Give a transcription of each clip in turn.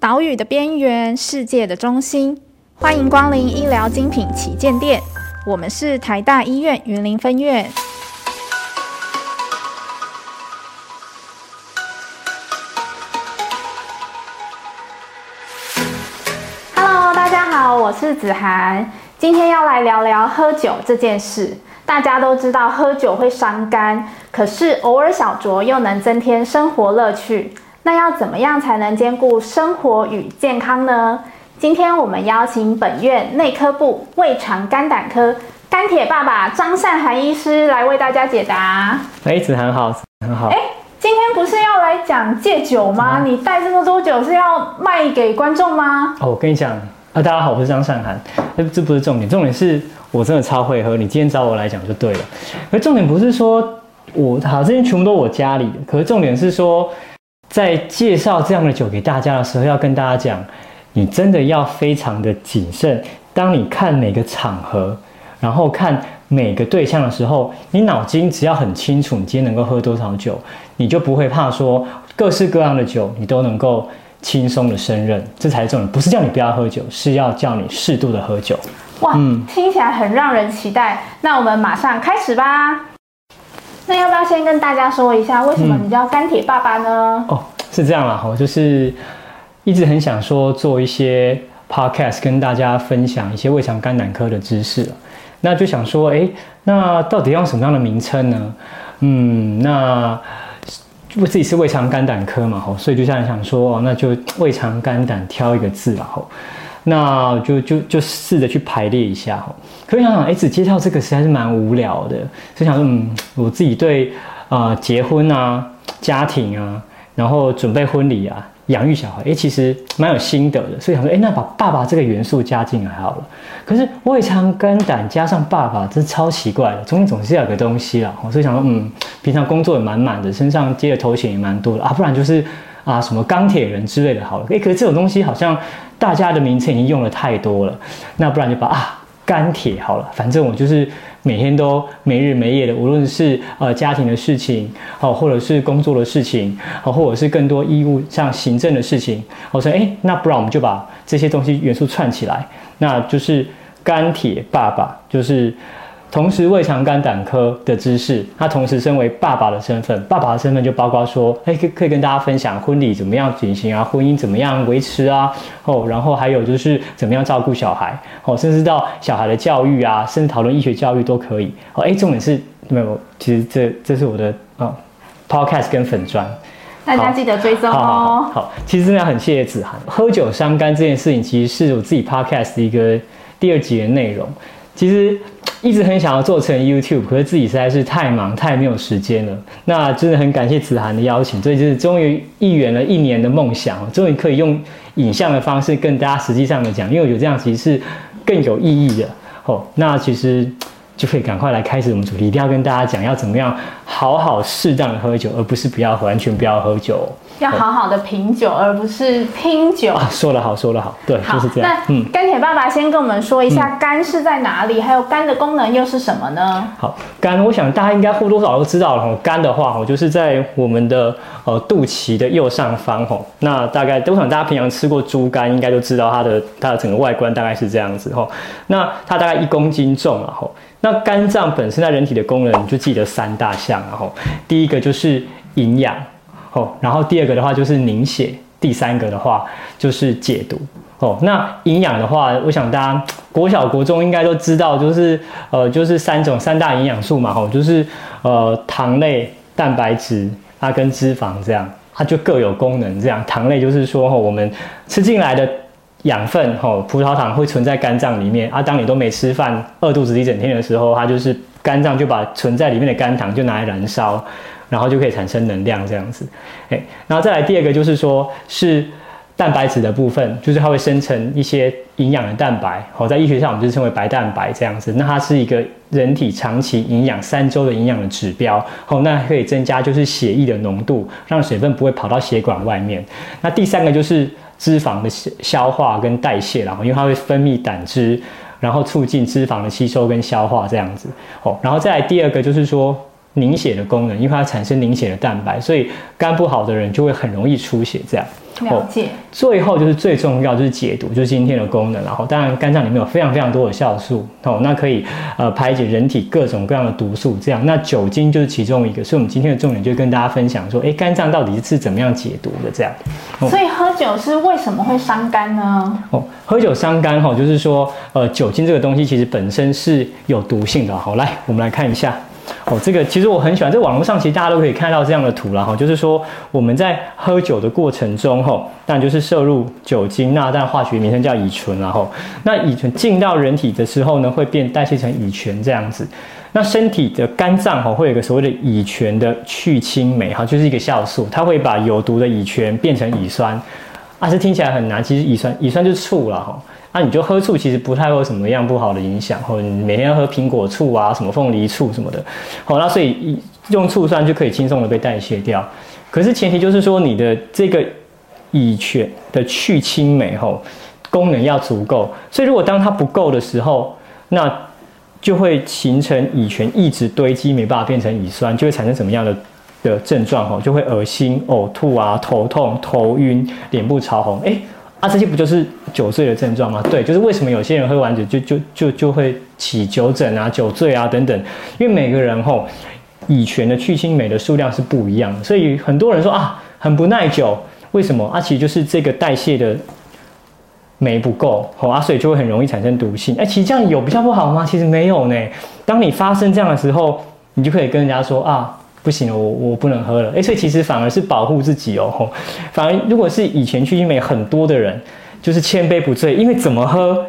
島嶼的邊緣，世界的中心。歡迎光臨醫療精品旗艦店。我們是台大醫院雲林分院。Hello，大家好，我是善涵。今天要來聊聊喝酒這件事。大家都知道喝酒會傷肝，可是偶爾小酌又能增添生活樂趣。那要怎麼樣才能兼顧生活與健康呢？今天我們邀請本院內科部胃腸肝膽科肝鐵爸爸張善涵醫師來為大家解答。喂、欸，子涵好，很好。欸，今天不是要來講戒酒嗎？你帶這麼多酒是要賣給觀眾嗎？哦，我跟你講啊，大家好，我是張善涵。這不是重點，重點是我真的超會喝。你今天找我來講就對了。而重點不是說我，好，這些全部都我家裡的。可是重點是說。在介紹這樣的酒給大家的時候，要跟大家講，你真的要非常的謹慎。當你看每個場合，然後看每個對象的時候，你腦筋只要很清楚，你今天能夠喝多少酒，你就不會怕說各式各樣的酒，你都能夠輕鬆的勝任。這才是重點，不是叫你不要喝酒，是要叫你適度的喝酒。哇，嗯，聽起來很讓人期待。那我們馬上開始吧。那要不要先跟大家說一下，為什麼你叫「肝鐵爸爸」呢、嗯？哦，是這樣啦，吼，就是一直很想說做一些 podcast，跟大家分享一些胃腸肝膽科的知識。那就想說，哎、欸，那到底用什麼樣的名稱呢？嗯，那我自己是胃腸肝膽科嘛，吼，所以就想想說，那就胃腸肝膽挑一個字啦。吼，那就就就試着去排列一下，可以想想，哎，只介紹這個實在是蠻無聊的。所以想說，嗯，我自己對，啊、呃，結婚啊，家庭啊，然後準備婚禮啊，養育小孩，哎，其實蠻有心得的。所以想說，哎，那把爸爸這個元素加進來好了。可是胃腸肝膽加上爸爸，真是超奇怪的。中間總是要有個東西啦。所以想說，嗯，平常工作也滿滿的，身上接的頭銜也蠻多的啊。不然就是啊，什麼鋼鐵人之類的好了。哎，可是這種東西好像大家的名稱已經用的太多了。那不然就把啊。肝鐵好了，反正我就是每天都沒日沒夜的，無論是呃家庭的事情，好，或者是工作的事情，好，或者是更多義務像行政的事情，我說，誒，那不然我們就把這些東西元素串起來，那就是肝鐵爸爸，就是。同時，胃腸肝膽科的知識，他同時身為爸爸的身份，爸爸的身份就包括說，可、欸、可以跟大家分享婚禮怎麼樣舉行啊，婚姻怎麼樣維持啊，哦，然後還有就是怎麼樣照顧小孩，哦，甚至到小孩的教育啊，甚至討論醫學教育都可以。哦，哎、欸，重點是沒有，其實這這是我的啊、哦、，podcast 跟粉專，大家記得追蹤哦。好，好好好好其實真的很謝謝子涵，喝酒傷肝這件事情，其實是我自己 podcast 的一個第二集的內容，其實。一直很想要做成 YouTube，可是自己實在是太忙，太沒有時間了。那真的很感謝子涵的邀請，所以就是終於一圓了一年的夢想，終於可以用影像的方式跟大家實際上的講，因為我覺得這樣其實是更有意義的。哦，那其實。就可以趕快來開始我們主題，一定要跟大家講要怎麼樣好好適當的喝酒，而不是不要喝，完全不要喝酒，要好好的品酒，嗯、而不是拼酒、啊。說得好，說得好，對，就是這樣。那肝鐵爸爸先跟我們說一下肝是在哪裡，嗯、還有肝的功能又是什麼呢？好，肝，我想大家應該或多少都知道了。肝的話，我就是在我們的呃肚臍的右上方，吼，那大概我想大家平常吃過豬肝，應該都知道它的它的整個外觀大概是這樣子，吼，那它大概一公斤重了，那肝臟本身在人體的功能，你就記得三大項、啊，然後第一個就是營養，哦，然後第二個的話就是凝血，第三個的話就是解毒，哦，那營養的話，我想大家國小國中應該都知道，就是呃，就是三種三大營養素嘛，吼，就是呃糖類、蛋白質它、啊、跟脂肪這樣，它就各有功能這樣，糖類就是說，吼、哦，我們吃進來的。養分吼，葡萄糖會存在肝臟裡面啊。當你都沒吃飯、餓肚子一整天的時候，它就是肝臟就把存在裡面的肝糖就拿來燃燒，然後就可以產生能量這樣子。誒，然後再來第二個就是說是蛋白質的部分，就是它會生成一些營養的蛋白。好，在醫學上我們就稱為白蛋白這樣子。那它是一個人體長期營養三周的營養的指標。好，那可以增加就是血液的濃度，讓水分不會跑到血管外面。那第三個就是。脂肪的消消化跟代謝，然後因為它會分泌膽汁，然後促進脂肪的吸收跟消化這樣子哦。然後再來第二個就是說。凝血的功能，因為它產生凝血的蛋白，所以肝不好的人就會很容易出血。這樣，了解。最後就是最重要，就是解毒，就是今天的功能。然後，當然肝臟裡面有非常非常多的酵素，哦，那可以呃排解人體各種各樣的毒素。這樣，那酒精就是其中一個。所以我們今天的重點就跟大家分享說，誒、欸，肝臟到底是是怎麼樣解毒的？這樣。所以喝酒是為什麼會傷肝呢？哦，喝酒傷肝，哦，就是說，呃，酒精這個東西其實本身是有毒性的。好，來，我們來看一下。哦，這個其實我很喜歡，在、這個、網絡上其實大家都可以看到這樣的圖了哈。就是說我們在喝酒的過程中吼，當然就是攝入酒精，那但化學名稱叫乙醇然哈。那乙醇進到人體的時候呢，會變代謝成乙醛這樣子。那身體的肝臟吼，會有一個所謂的乙醛的去氫酶哈，就是一個酵素，它會把有毒的乙醛變成乙酸。啊，這聽起來很難，其實乙酸乙酸就是醋了哈。那、啊、你就喝醋，其實不太會有什麼樣不好的影響。你每天要喝蘋果醋啊，什麼鳳梨醋什麼的。好，那所以用醋酸就可以輕鬆的被代謝掉。可是前提就是說你的這個乙醛的去氫酶吼，功能要足夠。所以如果當它不夠的時候，那就會形成乙醛一直堆積，沒辦法變成乙酸，就會產生什麼樣的的症狀吼？就會惡心、嘔吐啊，頭痛、頭暈、臉部潮紅。欸啊，這些不就是酒醉的症狀嗎？對，就是為什麼有些人喝完酒就就就就、就、就會起酒疹啊、酒醉啊等等，因為每個人吼乙醛的去氫酶，的數量是不一樣的，所以很多人說啊很不耐酒，為什麼？啊，其實就是這個代謝的酶不夠，吼，啊，所以就會很容易產生毒性。哎、欸，其實這樣有比較不好嗎？其實沒有呢。當你發生這樣的時候，你就可以跟人家說啊。不行了，我我不能喝了。哎，所以其實反而是保護自己哦。反而如果是以前去歐美很多的人，就是千杯不醉，因為怎麼喝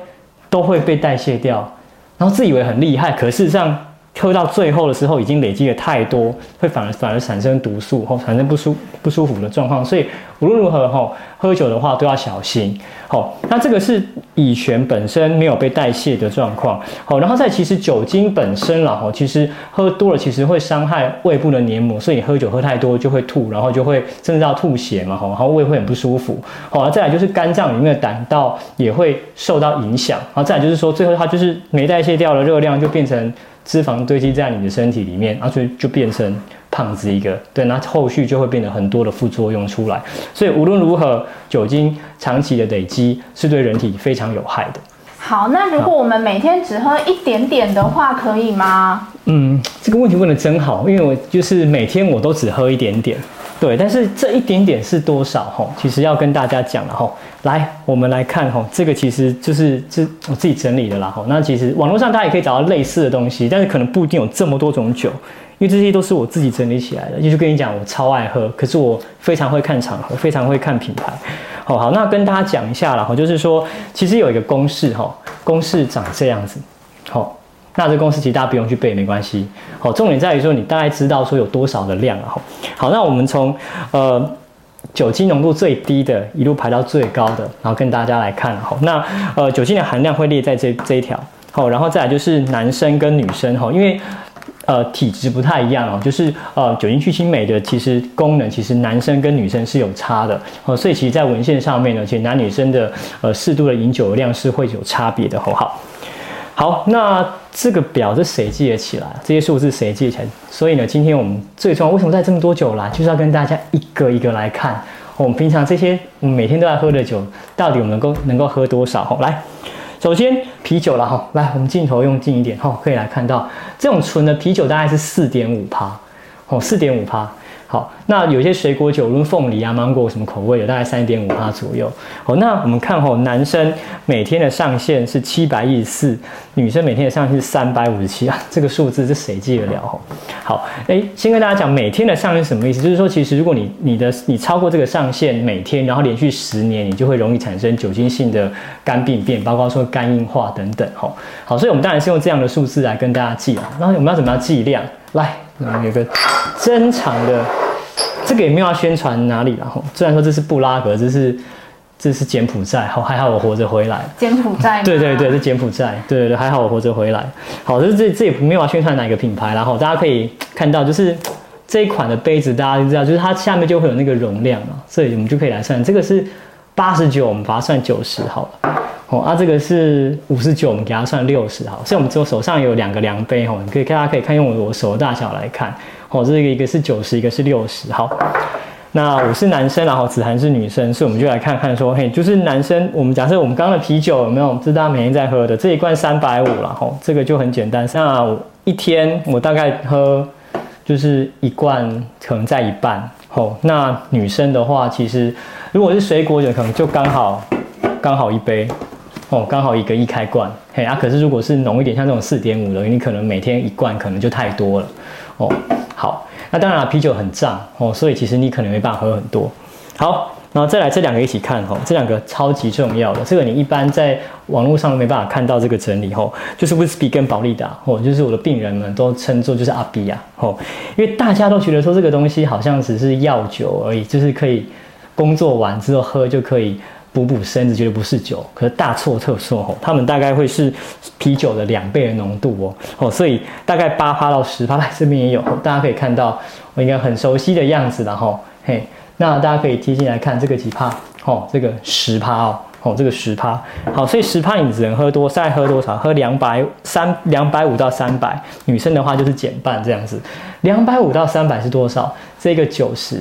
都會被代謝掉，然後自以為很厲害，可是事實上。喝到最後的時候，已經累積了太多，會反而反而產生毒素，哈，產生不舒不舒服的狀況。所以無論如何，喝酒的話都要小心，好。那這個是乙醛本身沒有被代謝的狀況，好。然後再其實酒精本身了，哈，其實喝多了其實會傷害胃部的黏膜，所以你喝酒喝太多就會吐，然後就會甚至到吐血嘛，然後胃會很不舒服，好。再來就是肝臟裡面的膽道也會受到影響，然後再來就是說最後它就是沒代謝掉的熱量就變成。脂肪堆積在你的身體裡面，啊，所以就變成胖子一個，對，那後續就會變得很多的副作用出來。所以無論如何，酒精長期的累積是對人體非常有害的。好，那如果我們每天只喝一點點的話，可以嗎？嗯，這個問題問得真好，因為我就是每天我都只喝一點點。對，但是這一點點是多少？吼，其實要跟大家講了，吼，來，我們來看，吼，這個其實就是這、就是、我自己整理的啦，吼，那其實網絡上大家也可以找到類似的東西，但是可能不一定有這麼多種酒，因為這些都是我自己整理起來的。就是跟你講，我超愛喝，可是我非常會看場合，非常會看品牌，好好，那跟大家講一下啦。吼，就是說，其實有一個公式，吼，公式長這樣子，好。那這公司其實大家不用去背，沒關係。好，重點在於說你大概知道說有多少的量啊。好，那我們從呃酒精濃度最低的一路排到最高的，然後跟大家來看哈。那呃酒精的含量會列在這這一條。好，然後再來就是男生跟女生哈，因為呃體質不太一樣哦，就是呃酒精去氫酶的其實功能其實男生跟女生是有差的哦，所以其實，在文獻上面呢，其實男女生的呃適度的飲酒的量是會有差別的。吼，好，好那。這個表是誰記得起來？這些數字誰記起來？所以呢，今天我們最重要，為什麼帶這麼多酒來？就是要跟大家一個一個來看，我們平常這些我們每天都在喝的酒，到底我們能夠能夠喝多少？來，首先啤酒啦，哈，來，我們鏡頭用近一點，哈，可以來看到這種純的啤酒大概是四點五趴，哦，四點五趴。好，那有些水果酒，如鳳梨啊、芒果什麼口味，有大概三點五趴左右。好，那我們看哦，男生每天的上限是七百一十四，女生每天的上限是三百五十七啊。這個數字，這誰記得了？好，哎，先跟大家講，每天的上限是什麼意思？就是說，其實如果你、你的、你超過這個上限每天，然後連續十年，你就會容易產生酒精性的肝病變，包括說肝硬化等等吼。好，所以我們當然是用這樣的數字來跟大家記啊。那我們要怎麼樣計量？來，我們有個。正常的，這個也沒有要宣傳哪裡了。雖然說這是布拉格，這是這是柬埔寨，好，哦，還好我活着回來。柬埔寨。對對對，是柬埔寨。對對對，還好我活着回來。好，就是這這也沒有要宣傳哪一個品牌，然後，哦，大家可以看到，就是這一款的杯子大家就知道，就是它下面就會有那個容量啊，所以我們就可以來算。這個是八十九，我們把它算九十好了。哦，啊，這個是五十九，我們給它算六十好。所以我們只有手上有兩個量杯哦，你可以大家可以看用我，我手的大小來看。哦，這個一個是九十，一個是六十。好，那我是男生，然後子涵是女生，所以我們就來看看說，嘿，就是男生，我們假設我們剛剛的啤酒有沒有？這大家每天在喝的，這一罐三百五啦，吼、哦，這個就很簡單。像一天我大概喝就是一罐，可能再一半。吼、哦，那女生的話，其實如果是水果酒，可能就剛好剛好一杯，哦，剛好一個一開罐。嘿，啊，可是如果是濃一點，像這種四點五的，你可能每天一罐可能就太多了，哦。好，那當然啊，啤酒很脹哦，所以其實你可能沒辦法喝很多。好，然後再來這兩個一起看哦，這兩個超級重要的，這個你一般在網絡上都沒辦法看到這個整理哦，就是威士忌跟保利達哦，就是我的病人們都稱作就是阿比亞啊哦，因為大家都覺得說這個東西好像只是藥酒而已，就是可以工作完之後喝就可以。補補身子，覺得不是酒，可是大錯特錯哦。他們大概會是啤酒的兩倍的濃度哦、喔，所以大概八趴到十趴，來這邊也有，大家可以看到，我應該很熟悉的樣子了哈。嘿，那大家可以提醒來看這個幾趴，哦、喔，這個十趴哦，哦、喔喔，這個十趴。好，所以十趴你只能喝多，再喝多少？喝兩百三，兩百五到三百，女生的話就是減半這樣子。兩百五到三百是多少？這個九十。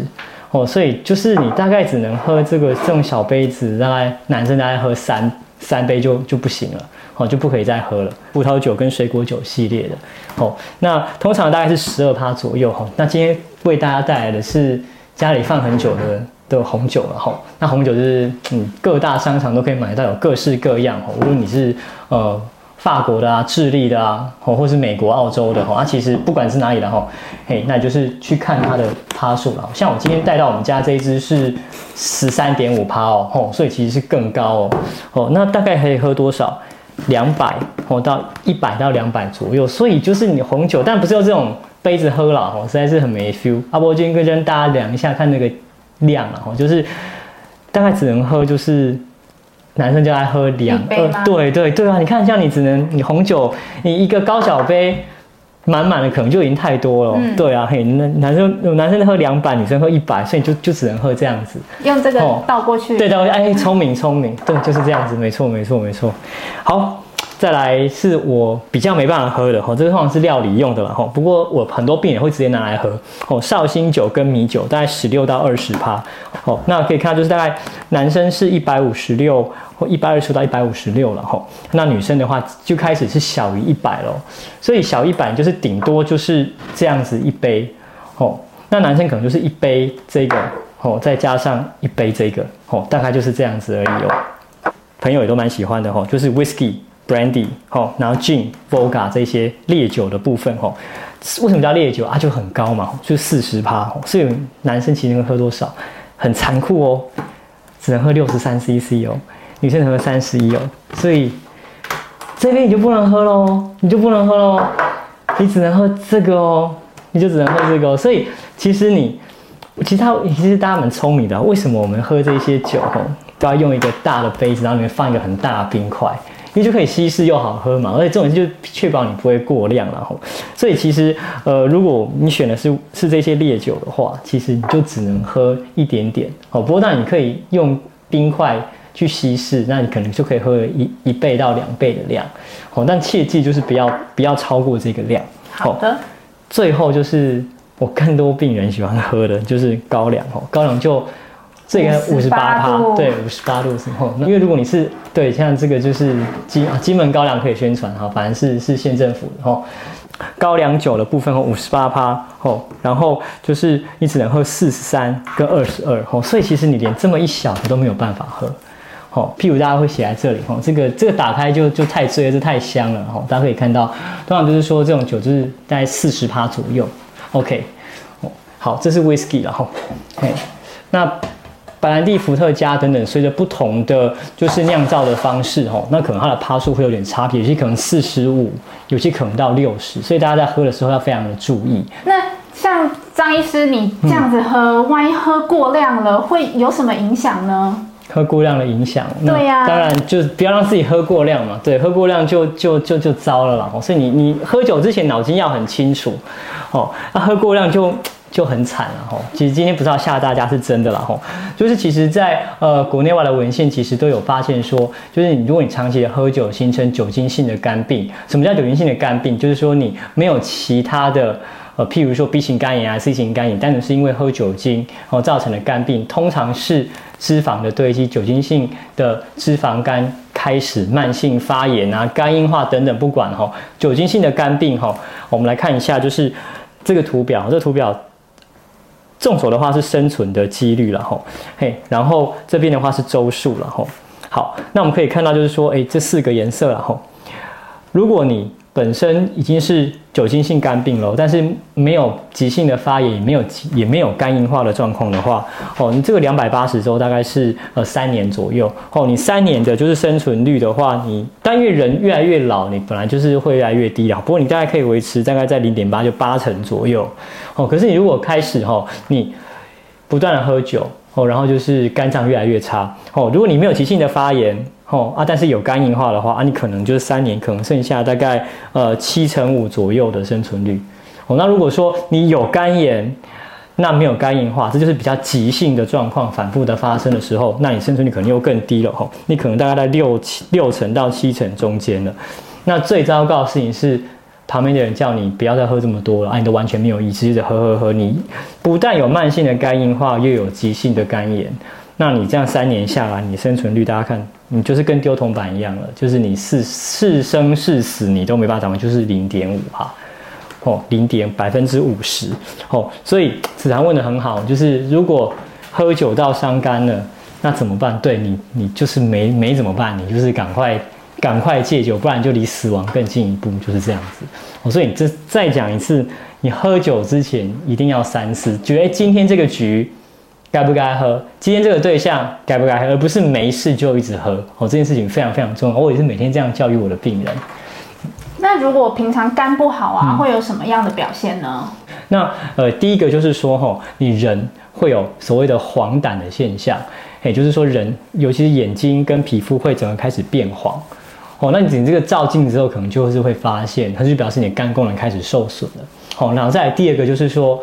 哦，所以就是你大概只能喝這個這種小杯子，大概男生大概喝三三杯就就不行了，哦，就不可以再喝了。葡萄酒跟水果酒系列的，哦，那通常大概是十二趴左右，哈、哦。那今天為大家帶來的是家裡放很久的的紅酒了，哈、哦。那紅酒就是嗯各大商場都可以買到，有各式各樣，哈、哦。無論你是呃。法國的啊，智利的啊，吼，或是美國、澳洲的吼、啊，啊，其實不管是哪裡的吼、喔，嘿，那就是去看它的趴數了。像我今天帶到我們家這一隻是十三點五趴哦，吼、喔喔，所以其實是更高哦、喔喔，那大概可以喝多少？兩百哦，到一百到兩百左右。所以就是你紅酒，但不是用這種杯子喝了吼、喔，實在是很沒 feel。阿、啊、波今天跟大家量一下，看那個量嘛，吼、喔，就是大概只能喝就是。男生就愛喝兩杯、呃、對對對啊！你看，像你只能你紅酒，你一個高腳杯，滿滿的可能就已經太多了。嗯、對啊，嘿，那男生男生喝兩百，女生喝一百，所以就就只能喝這樣子。用這個倒過去。對，對，對，倒過去。哎，聰明，聰明。對，就是這樣子，沒錯，沒錯，沒錯。好。再來是我比較沒辦法喝的吼，這個通常是料理用的吼。不過我很多病人會直接拿來喝哦。紹興酒跟米酒大概十六到二十趴哦。那可以看到就是大概男生是一百五十六或一百二十到一百五十六了吼。那女生的話就開始是小於一百咯，所以小一百就是頂多就是這樣子一杯哦。那男生可能就是一杯這個哦，再加上一杯這個哦，大概就是這樣子而已哦、喔。朋友也都蠻喜歡的吼，就是 whisky，Brandy 好，然後 Gin、Vodka 這些烈酒的部分，吼，為什麼叫烈酒啊？就很高嘛，就四十趴，所以男生其實能喝多少？很殘酷哦，只能喝六十三 cc 哦，女生才能三十一哦，所以這邊你就不能喝嘍，你就不能喝嘍，你只能喝這個哦，你就只能喝這個、哦，所以其實你，其實他其實大家蠻聰明的、哦，為什麼我們喝這些酒，都要用一個大的杯子，然後裡面放一個很大的冰塊？因為就可以稀釋又好喝嘛，而且這種就確保你不會過量，然後，所以其實呃，如果你選的是是這些烈酒的話，其實你就只能喝一點點哦。不過當然你可以用冰塊去稀釋，那你可能就可以喝一一倍到兩倍的量，但切記就是不要不要超過這個量。好的，最後就是我更多病人喜歡喝的就是高粱，高粱就。這個五十八趴，對，五十八度，然因為如果你是，對，像這個就是金金門高粱可以宣傳，哈，反正是是縣政府的，然後高粱酒的部分，五十八趴，然後就是你只能喝四十三跟二十二，所以其實你連這麼一小的都沒有辦法喝，屁股大家會寫在這裡，哦，這個這個打開就就太醉，這太香了，大家可以看到，通常就是說這種酒就是大概四十趴左右，OK，哦，好，這是 Whisky，然後那。白蘭地、伏特加等等，隨着不同的就是釀造的方式，吼，那可能它的趴數會有點差別，有些可能四十五，有些可能到六十，所以大家在喝的時候要非常的注意。那像張醫師，你這樣子喝、嗯，萬一喝過量了，會有什麼影響呢？喝過量的影響，對呀、啊，當然就不要讓自己喝過量嘛。對，喝過量就就就就糟了啦。所以你你喝酒之前腦筋要很清楚，哦，那喝過量就。就很慘了哈。其實今天不知道嚇大家，是真的了哈。就是其實在，在呃國內外的文獻，其實都有發現說，就是你如果你長期的喝酒，形成酒精性的肝病。什麼叫酒精性的肝病？就是說你沒有其他的，呃，譬如說 B 型肝炎啊、C 型肝炎，單純是因為喝酒精然後、哦、造成的肝病，通常是脂肪的堆積，酒精性的脂肪肝,肝開始慢性發炎啊、肝硬化等等，不管哈、哦，酒精性的肝病哈、哦，我們來看一下，就是這個圖表，這個、圖表。縱軸的話是生存的幾率了吼，嘿，然後這邊的話是周數了吼。好，那我們可以看到就是說，誒這四個顏色了吼，如果你。本身已經是酒精性肝病了，但是沒有急性的發炎，也沒有也沒有肝硬化的狀況的話，哦，你這個兩百八十周大概是呃三年左右，哦，你三年的就是生存率的話，你但因為人越來越老，你本來就是會越來越低了。不過你大概可以維持大概在零點八，就八成左右，哦。可是你如果開始哈、哦，你不斷的喝酒，哦，然後就是肝臟越來越差，哦，如果你沒有急性的發炎。哦啊，但是有肝硬化的話啊，你可能就是三年可能剩下大概呃七成五左右的生存率。哦，那如果說你有肝炎，那沒有肝硬化，這就是比較急性的狀況，反覆的發生的時候，那你生存率可能又更低了。吼、哦，你可能大概在六七六成到七成中間了。那最糟糕的事情是，旁邊的人叫你不要再喝這麼多了，啊，你都完全沒有意識的喝喝喝。你不但有慢性的肝硬化，又有急性的肝炎，那你這樣三年下來，你生存率大家看。你就是跟丟銅板一樣了，就是你是是生是死，你都沒辦法掌握，就是零點五哈，哦，零點百分之五十哦，所以子涵問得很好，就是如果喝酒到傷肝了，那怎麼辦？對你，你就是沒沒怎麼辦，你就是趕快趕快戒酒，不然就離死亡更近一步，就是這樣子。哦。所以你這再講一次，你喝酒之前一定要三思，覺得今天這個局。該不該喝？今天這個對象該不該喝？而不是沒事就一直喝哦。這件事情非常非常重要，我也是每天這樣教育我的病人。那如果平常肝不好啊，嗯、會有什麼樣的表現呢？那呃，第一個就是說，吼、哦，你人會有所謂的黃疸的現象，也就是說人尤其是眼睛跟皮膚會整個開始變黃。哦，那你這個照鏡子之後，可能就是會發現，它就表示你的肝功能開始受損了。哦，然後再來第二個就是說，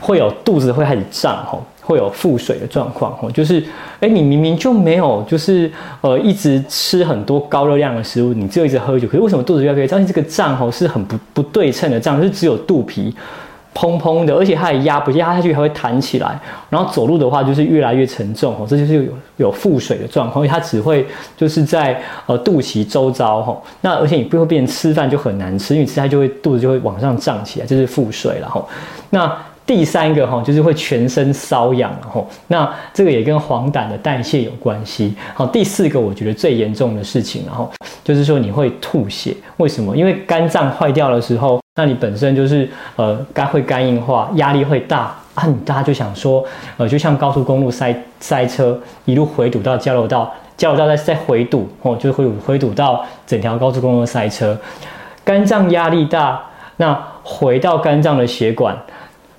會有肚子會開始脹，吼、哦。會有腹水的狀況哦，就是，哎，你明明就沒有，就是，呃，一直吃很多高熱量的食物，你就一直喝酒，可是為什麼肚子越來越脹？你這個脹吼是很不不對稱的脹，就是只有肚皮，砰砰的，而且它也壓不壓下去，還會彈起來。然後走路的話，就是越來越沉重哦，這就是有有腹水的狀況，因為它只會就是在呃肚臍周遭吼、哦，那而且你不會變成吃飯就很難吃，因為吃它就會肚子就會往上脹起來，就是腹水了吼、哦，那。第三個哈，就是會全身瘙癢，哈，那這個也跟黃疸的代謝有關係。好，第四個我覺得最嚴重的事情，然後就是說你會吐血，為什麼？因為肝臟壞掉的時候，那你本身就是呃肝會肝硬化，壓力會大，很、啊、大家就想說，呃，就像高速公路塞塞車，一路回堵到交流道，交流道再再回堵，哦，就會回堵到整條高速公路塞車，肝臟壓力大，那回到肝臟的血管。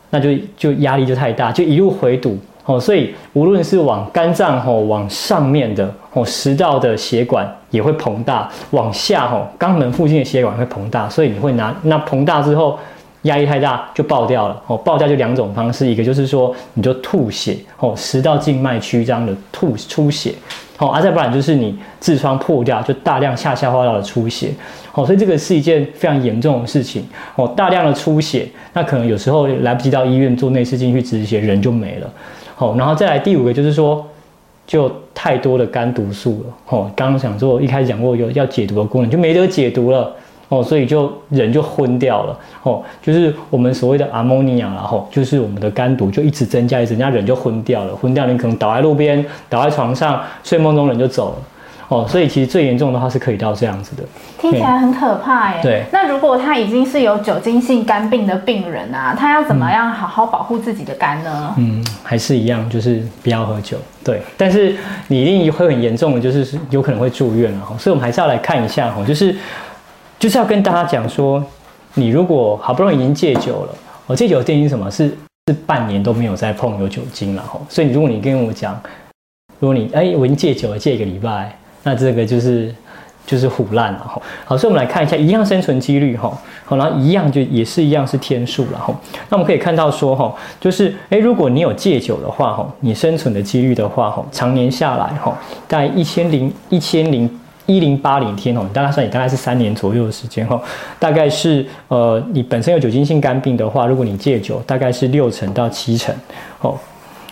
那就就壓力就太大，就一路回堵哦，所以無論是往肝臟吼、哦、往上面的吼、哦、食道的血管也會膨大，往下吼、哦、肛門附近的血管會膨大，所以你會拿那膨大之後。壓力太大就爆掉了哦，爆掉就兩種方式，一個就是說你就吐血哦，食道靜脈曲張的吐出血哦，啊再不然就是你痔瘡破掉就大量下消化道的出血哦，所以這個是一件非常嚴重的事情哦，大量的出血，那可能有時候來不及到醫院做內視鏡去止血，人就沒了。然後再來第五個就是說就太多的肝毒素了哦，剛剛想說一開始講過有要解毒的功能，就沒得解毒了。哦，所以就人就昏掉了哦，就是我們所謂的阿摩尼亞，然後就是我們的肝毒就一直增加，一直，人家人就昏掉了，昏掉你可能倒在路邊，倒在床上，睡夢中人就走了。哦，所以其實最嚴重的話是可以到這樣子的，聽起來很可怕耶。嗯、對。那如果他已經是有酒精性肝病的病人啊，他要怎麼樣好好保護自己的肝呢？嗯，嗯還是一樣，就是不要喝酒。對。但是你一定會很嚴重的就是有可能會住院，哦，所以，我們還是要來看一下哈，哦，就是。就是要跟大家講說，你如果好不容易已經戒酒了，我戒酒的定義是什麼？是是半年都沒有再碰有酒精了。所以如果你跟我講，如果你哎、欸、我已經戒酒了，戒一個禮拜，那這個就是就是唬爛了。好，所以我們來看一下一樣生存幾率哈，好，然後一樣就也是一樣是天數了吼。那我們可以看到說哈，就是哎、欸、如果你有戒酒的話吼，你生存的幾率的話吼，常年下來吼，大概一千零一千零。一零八零天你大概算，你大概是三年左右的時間哦，大概是呃，你本身有酒精性肝病的話，如果你戒酒，大概是六成到七成哦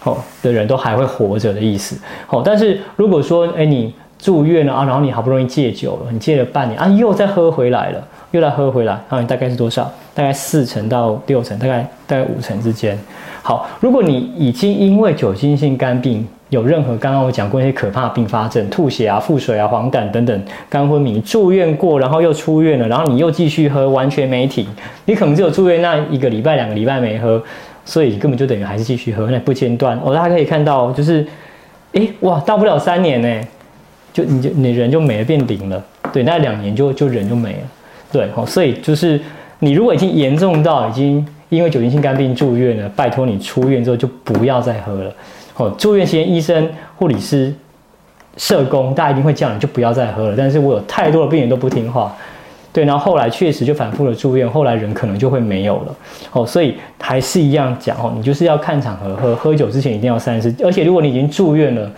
哦的人都還會活着的意思哦。但是如果說哎你住院了啊，然後你好不容易戒酒了，你戒了半年啊，又再喝回來了，又再喝回來，然後啊，你大概是多少？大概四成到六成，大概大概五成之間。好，如果你已經因為酒精性肝病，有任何剛剛我講過那些可怕的併發症，吐血啊、腹水啊、黃疸等等，肝昏迷住院過，然後又出院了，然後你又繼續喝，完全沒停，你可能只有住院那一個禮拜、兩個禮拜沒喝，所以你根本就等於還是繼續喝，那不間斷。哦，大家可以看到，就是，哎哇，到不了三年呢，就你就你人就沒了，變頂了。對，那兩年就就人就沒了。對、哦，所以就是你如果已經嚴重到已經因為酒精性肝病住院了，拜托你出院之後就不要再喝了。住院前，醫生、護理師、社工，大家一定會叫你，就不要再喝了。但是我有太多的病人都不聽話，對。然後後來確實就反覆的住院，後來人可能就會沒有了。哦，所以還是一樣講哦，你就是要看場合喝，喝酒之前一定要三思。而且如果你已經住院了，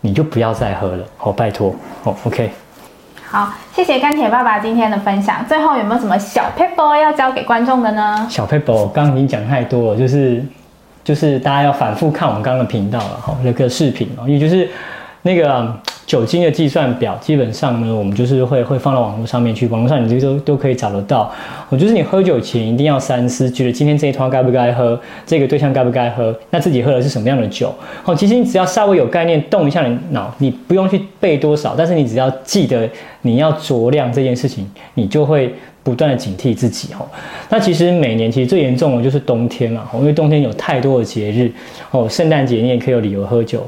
你就不要再喝了。拜託。哦，OK。好，謝謝肝鐵爸爸今天的分享。最後有沒有什麼小撇步，要交給觀眾的呢？小撇步，剛已經講太多了，就是。就是大家要反覆看我們剛剛的頻道了，好，那個視頻哦，因為就是那個酒精的計算表，基本上呢，我們就是會會放到網絡上面去，網絡上你都都都可以找得到。我就是你喝酒前一定要三思，覺得今天這一趟該不該喝，這個對象該不該喝，那自己喝的是什麼樣的酒，好，其實你只要稍微有概念，動一下你腦，你不用去背多少，但是你只要記得你要酌量這件事情，你就會。不斷地警惕自己，那其實每年其實最嚴重的就是冬天嘛，因為冬天有太多的節日哦，聖誕節你也可以有理由喝酒，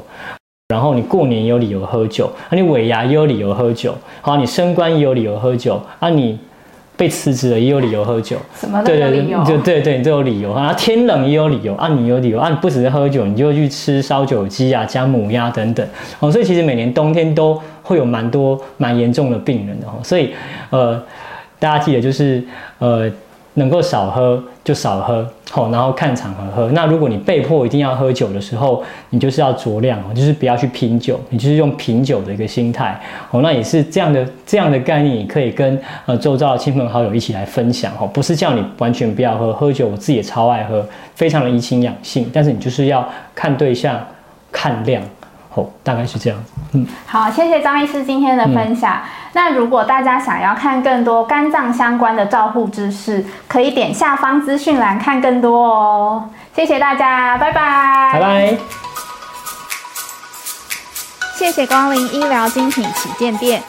然後你過年也有理由喝酒，啊你尾牙也有理由喝酒，好、啊，你升官也有理由喝酒，啊你被辭職了也有理由喝酒，什麼都有理由有，對對、對、對你都有理由，啊天冷也有理由，啊你有理由，啊你不只是喝酒，你就去吃燒酒雞啊、薑母鴨等等，哦，所以其實每年冬天都會有蠻多蠻嚴重的病人的哦，所以呃。大家記得就是，呃，能夠少喝就少喝，好、哦，然後看場合喝。那如果你被迫一定要喝酒的時候，你就是要酌量哦，就是不要去拼酒，你就是用品酒的一個心態，哦，那也是這樣的這樣的概念，你可以跟呃周遭的親朋好友一起來分享，哦，不是叫你完全不要喝，喝酒我自己也超愛喝，非常的怡情養性，但是你就是要看對象，看量。Oh, 大概是這樣，嗯，好，謝謝張醫師今天的分享。嗯。那如果大家想要看更多肝臟相關的照護知識，可以點下方資訊欄看更多哦。謝謝大家，拜拜。拜拜。謝謝光臨醫療精品旗艦店，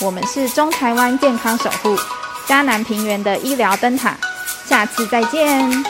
我們是中台灣健康守護，嘉南平原的醫療燈塔。下次再見。